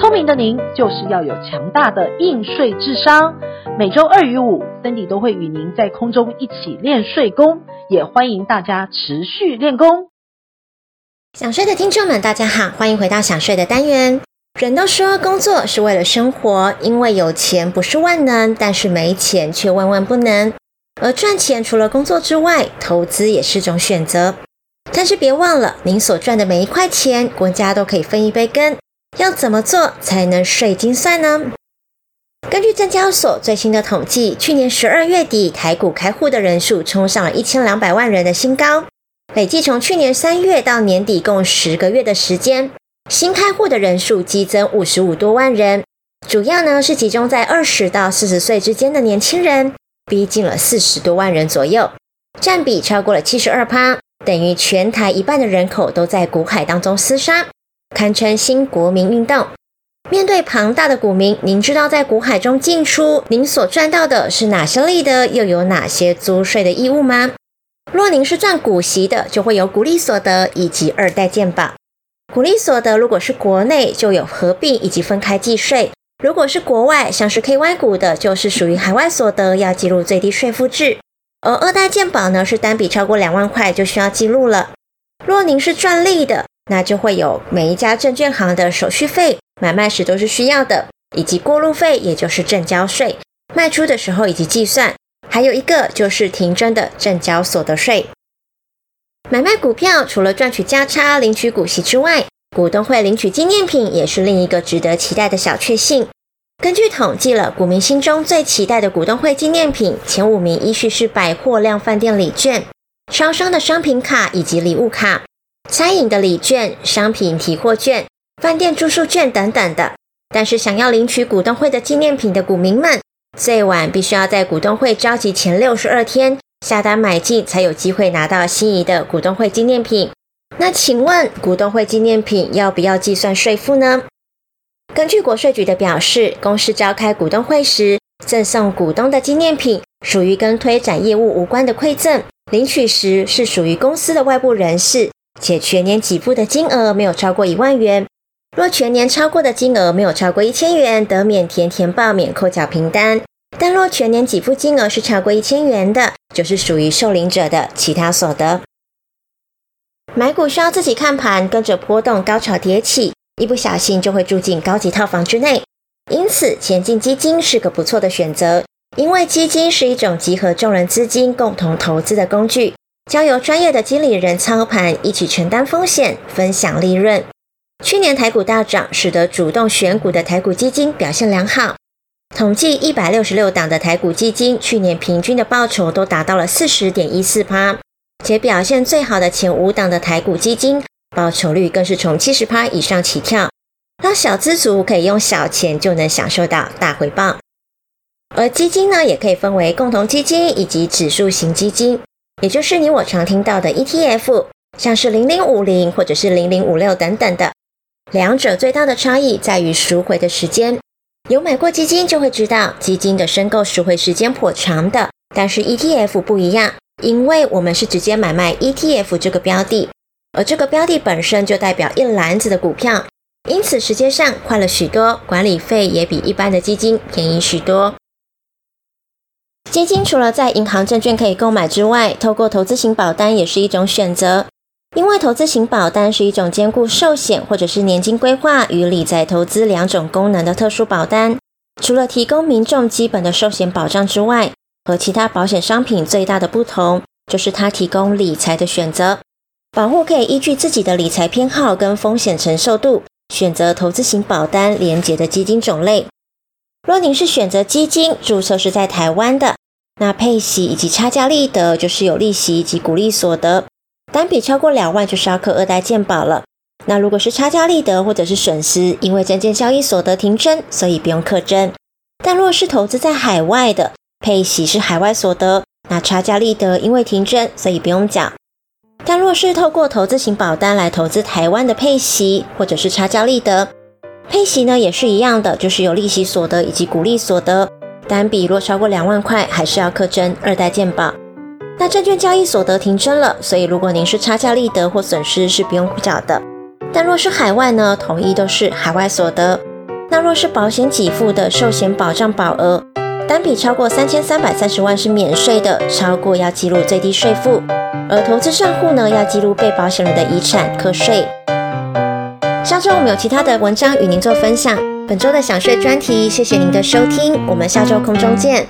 聰明的您就是要有強大的硬稅智商。每，每周二與五森 i 都會與您在空中一起練稅功，也歡迎大家持續練功。想睡的聽眾們，大家好，歡迎回到想睡的單元。人都說工作是為了生活，因為有錢不是萬能，但是沒錢卻萬萬不能。而賺錢除了工作之外，投資也是種選擇。但是別忘了，您所賺的每一塊錢，國家都可以分一杯羹。要怎麼做才能稅精算呢？根據證交所最新的統計，去年十二月底台股開戶的人數衝上了一千兩百萬人的新高，累計從去年三月到年底共十個月的時間，新開戶的人數激增五十五多萬人，主要呢是集中在二十到四十歲之間的年輕人，逼近了四十多萬人左右，占比超過了七十二趴，等於全台一半的人口都在股海當中廝殺。堪稱新國民運動。面對龐大的股民，您知道在股海中進出，您所賺到的是哪些利得，又有哪些租稅的義務嗎？若您是賺股息的，就會有股利所得以及二代健保。股利所得如果是國內，就有合併以及分開計稅；如果是國外，像是 KY 股的，就是屬於海外所得，要計入最低稅負制。而二代健保呢，是單筆超過兩萬塊就需要記錄了。若您是賺利的，那就會有每一家證券行的手續費，買賣時都是需要的，以及過路費，也就是證交稅。賣出的時候以及計算，還有一個就是停徵的證交所得稅。買賣股票除了賺取價差、領取股息之外，股東會領取紀念品也是另一個值得期待的小確幸。根據統計了，股民心中最期待的股東會紀念品前五名，依序是百貨量販店禮券、超商的商品卡以及禮物卡，餐飲的禮券、商品提貨券、飯店住宿券等等的。但是，想要領取股東會的紀念品的股民們，最晚必須要在股東會召集前六十二天下單買進，才有機會拿到心儀的股東會紀念品。那請問，股東會紀念品要不要計算稅負呢？根據國稅局的表示，公司召開股東會時贈送股東的紀念品，屬於跟推展業務無關的饋贈，領取時是屬於公司的外部人士，且全年給付的金額沒有超過一萬元，若全年超過的金額沒有超過一千元，得免填填報免扣繳憑單。但若全年給付金額是超過一千元的，就是屬於受領者的其他所得。買股需要自己看盤，跟着波動高潮迭起，一不小心就會住進高級套房之內。因此，前進基金是個不錯的選擇，因為基金是一種集合眾人資金共同投資的工具。交由專業的經理人操盤，一起承擔風險，分享利潤。去年台股大漲，使得主動選股的台股基金表現良好。統計一百六十六檔的台股基金，去年平均的報酬都達到了四十點一四趴，且表現最好的前五檔的台股基金，報酬率更是從七十趴以上起跳，讓小資族可以用小錢就能享受到大回報。而基金呢，也可以分為共同基金以及指數型基金。也就是你我常聽到的 ETF，像是零零五零或者是零零五六等等的，兩者最大的差異在於贖回的時間。有買過基金就會知道，基金的申購贖回時間頗長的，但是 ETF 不一樣，因為我們是直接買賣 ETF 這個標的，而這個標的本身就代表一籃子的股票，因此時間上快了許多，管理費也比一般的基金便宜許多。基金除了在銀行、證券可以購買之外，透過投資型保單也是一種選擇。因為投資型保單是一種兼顧壽險或者是年金規劃與理財投資兩種功能的特殊保單。除了提供民眾基本的壽險保障之外，和其他保險商品最大的不同就是它提供理財的選擇。保戶可以依據自己的理財偏好跟風險承受度，選擇投資型保單連結的基金種類。若您是選擇基金，註冊是在台灣的，那配息以及差價利得就是有利息及股利所得，單筆超過兩萬就是要課二代健保了。那如果是差價利得或者是損失，因為證券交易所得停徵，所以不用課徵。但若是投資在海外的配息是海外所得，那差價利得因為停徵，所以不用繳。但若是透過投資型保單來投資台灣的配息或者是差價利得，配息呢也是一樣的，就是有利息所得以及股利所得。單筆若超過兩萬塊，還是要課徵二代健保。那證券交易所得停徵了，所以如果您是差價利得或損失是不用繳的。但若是海外呢，統一都是海外所得。那若是保險給付的壽險保障保額，單筆超過三千三百三十萬是免稅的，超過要記錄最低稅負。而投資賬戶呢，要記錄被保險人的遺產課稅。下周我們有其他的文章與您做分享。本周的省稅專題，謝謝您的收聽，我們下周空中見。